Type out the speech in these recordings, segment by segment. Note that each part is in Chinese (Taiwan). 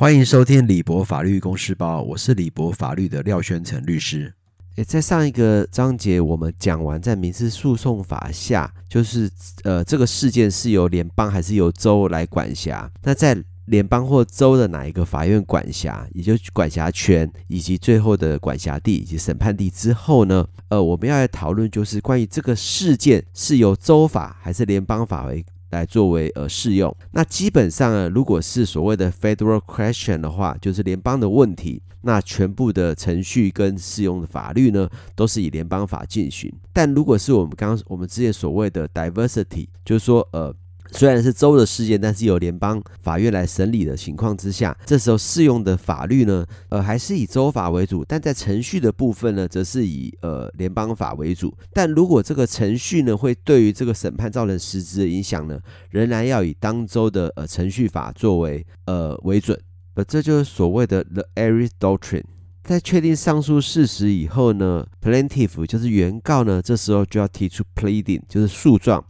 歡迎收聽李博法律公事包，我是李博法律的廖宣成律師。誒，在上一個章節我們講完在民事訴訟法下，就是呃這個事件是由聯邦還是由州來管轄？那在聯邦或州的哪一個法院管轄，也就是管轄權以及最後的管轄地以及審判地之後呢，呃，我們要來討論就是關於這個事件是由州法還是聯邦法為來作為呃適用，那基本上，如果是所謂的 federal question 的話，就是聯邦的問題，那全部的程序跟適用的法律呢，都是以聯邦法進行。但如果是我們剛我們之前所謂的 diversity，就是說呃。雖然是州的事件，但是由聯邦法院來審理的情況之下，這時候適用的法律呢，呃，還是以州法為主，但在程序的部分呢，則是以呃聯邦法為主。但如果這個程序呢，會對於這個審判造成實質的影響呢，仍然要以當州的呃程序法作為呃為準。呃，這就是所謂的 the Erie Doctrine。在確定上述事實以後呢，plaintiff 就是原告呢，這時候就要提出 pleading，就是訴狀。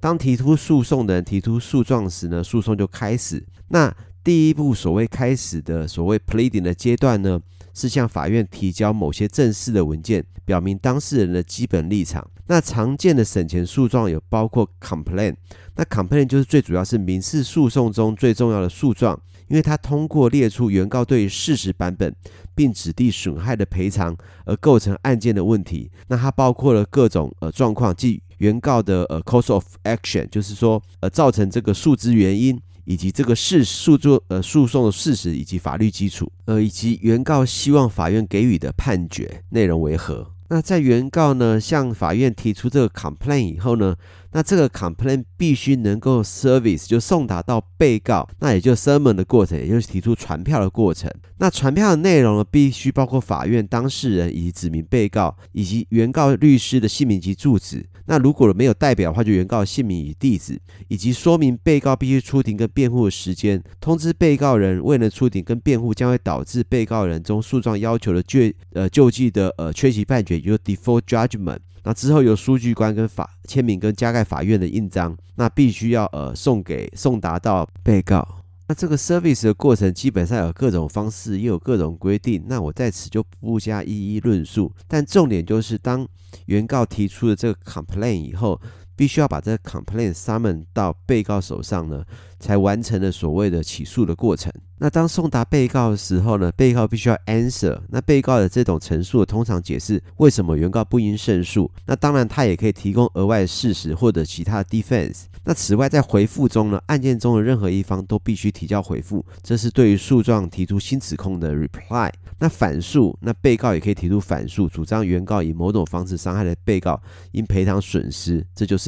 當提出訴訟的人提出訴狀時呢，訴訟就開始。那第一步，所謂開始的所謂 pleading 的階段呢，是向法院提交某些正式的文件，表明當事人的基本立場。那常見的審前訴狀有包括 complaint，那 complaint 就是最主要是民事訴訟中最重要的訴狀，因為它通過列出原告對於事實版本。並指定損害的賠償而構成案件的問題，那它包括了各種呃狀況，即原告的呃 cause of action，就是說呃造成這個訴之原因，以及這個事訴作呃訴訟的事實以及法律基礎，呃以及原告希望法院給予的判決內容為何？那在原告呢向法院提出這個 complaint 以後呢，那這個 complaint 必須能夠 service 就送達到被告，那也就 summons 的過程，也就是提出傳票的過程。那傳票的內容呢，必須包括法院、當事人以及指名被告以及原告律師的姓名及住址。那如果沒有代表的話，就原告姓名與地址，以及說明被告必須出庭跟辯護的時間，通知被告人未能出庭跟辯護將會導致被告人中訴狀要求的呃救濟的呃救濟的呃缺席判決，也就是 default judgment。那之後有書記官、跟法簽名跟加蓋法院的印章，那必須要呃送給送達到被告。那這個 service 的過程基本上有各種方式，也有各種規定。那我在此就不加一一論述。但重點就是當原告提出了這個 complain 以後。必須要把這個 complaint summon 到被告手上呢，才完成了所謂的起訴的過程。那當送達被告的時候呢，被告必須要 answer。那被告的這種陳述通常解釋為什麼原告不應勝訴。那當然，他也可以提供額外的事實或者其他 defense。那此外，在回復中呢，案件中的任何一方都必須提交回復，這是對於訴狀提出新指控的 reply。那反訴，那被告也可以提出反訴，主張原告以某種方式傷害了被告，應賠償損失。這就是。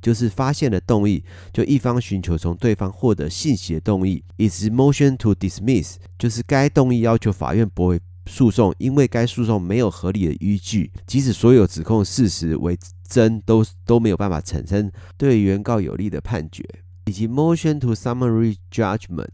就是發現了動議，就一方尋求從對方獲得信息的動議，以及 motion to dismiss，就是該動議要求法院駁回訴訟，因為該訴訟沒有合理的依據。即使所有指控事實為真，都都沒有辦法產生對原告有利的判決。以及 motion to summary judgment。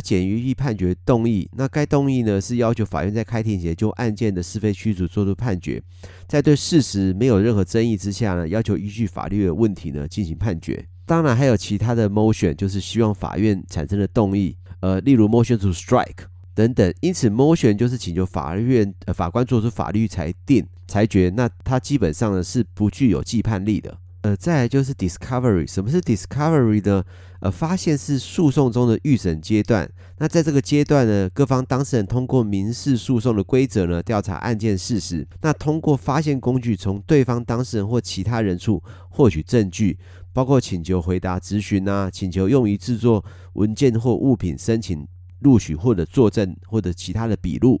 簡易判決動議，那該動議呢是要求法院在開庭前就案件的是非曲直作出判決，在對事實沒有任何爭議之下呢，要求依據法律的問題呢進行判決。當然還有其他的 motion，就是希望法院產生的動議，呃，例如 motion to strike 等等。因此 motion 就是請求法院，呃，法官做出法律裁定裁決，那它基本上呢是不具有既判力的。呃，再來就是 discovery，什麼是 discovery 呢？呃，發現是訴訟中的預審階段。那在這個階段呢，各方當事人通過民事訴訟的規則呢，調查案件事實。那通過發現工具，從對方當事人或其他人處獲取證據，包括請求回答、諮詢啊，請求用於製作文件或物品，申請錄取或者作證或者其他的筆錄。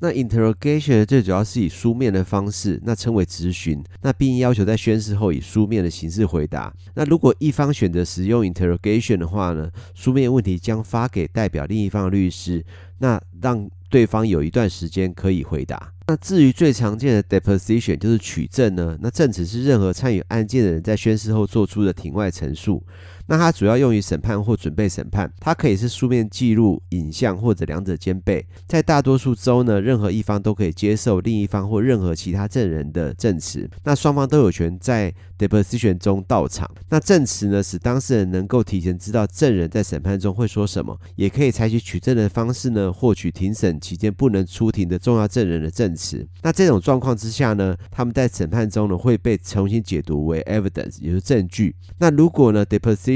那 interrogation 最主要是以書面的方式，那稱為質詢，那並要求在宣誓後以書面的形式回答。那如果一方選擇使用 interrogation 的話呢，書面問題將發給代表另一方的律師，那讓對方有一段時間可以回答。那至於最常見的 deposition 就是取證呢，那證詞是任何參與案件的人在宣誓後做出的庭外陳述。那它主要用於審判或準備審判，它可以是書面記錄、影像或者兩者兼備。在大多數州呢，任何一方都可以接受另一方或任何其他證人的證詞。那雙方都有權在 deposition 中到場。那證詞呢，使當事人能夠提前知道證人在審判中會說什麼，也可以採取取證的方式呢，獲取庭審期間不能出庭的重要證人的證詞。那這種狀況之下呢，他們在審判中呢會被重新解讀為 evidence，也就是證據。那如果呢 deposition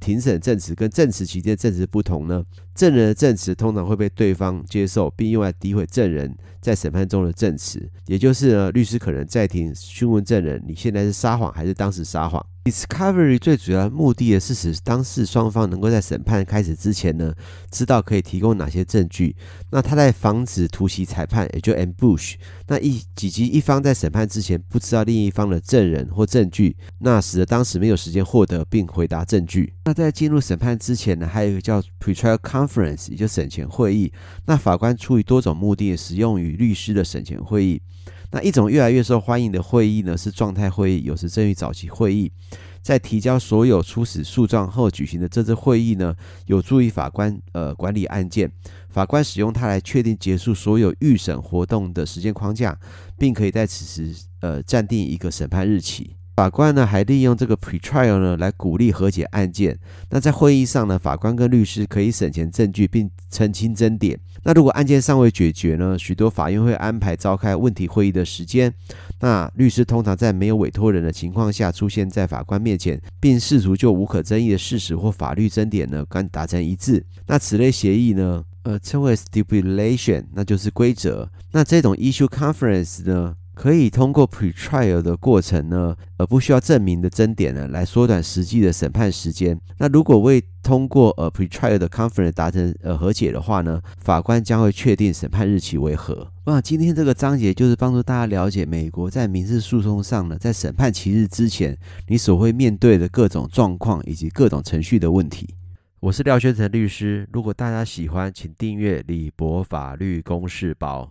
庭審證詞跟證詞期間證詞不同呢。證人的證詞通常會被對方接受，並用來詆毀證人在審判中的證詞。也就是呢，律師可能在庭詢問證人：“你現在是撒謊，還是當時撒謊？”Discovery 最主要的目的的是使當事雙方能夠在審判開始之前呢，知道可以提供哪些證據。那他在防止突襲裁判，也就 ambush。那一以及一方在審判之前不知道另一方的證人或證據，那使得當時沒有時間獲得並回答證據。那在進入審判之前呢，還有一個叫 pretrial conference，也就是審前會議。那法官出於多種目的，使用於律師的審前會議。那一種越來越受歡迎的會議呢，是狀態會議，有時稱為早期會議。在提交所有初始訴狀後舉行的這次會議呢，有助於法官呃管理案件。法官使用它來確定結束所有預審活動的時間框架，並可以在此時呃暫定一個審判日期。法官呢，還利用這個 pre-trial 呢，來鼓勵和解案件。那在會議上呢，法官跟律師可以省錢證據，並澄清爭點。那如果案件尚未解決呢，許多法院會安排召開問題會議的時間。那律師通常在沒有委托人的情況下出現在法官面前，並試圖就無可爭議的事實或法律爭點呢，跟達成一致。那此類協議呢，呃，稱為 stipulation，那就是規則。那這種 issue conference 呢，可以通過 pretrial 的過程呢，而不需要證明的爭點呢，來縮短實際的審判時間。那如果未通過呃 pretrial 的 conference 達成呃和解的話呢，法官將會確定審判日期為何。那今天這個章節就是幫助大家了解美國在民事訴訟上呢，在審判期日之前，你所會面對的各種狀況以及各種程序的問題。我是廖學成律師，如果大家喜歡，請訂閱李博法律公事包。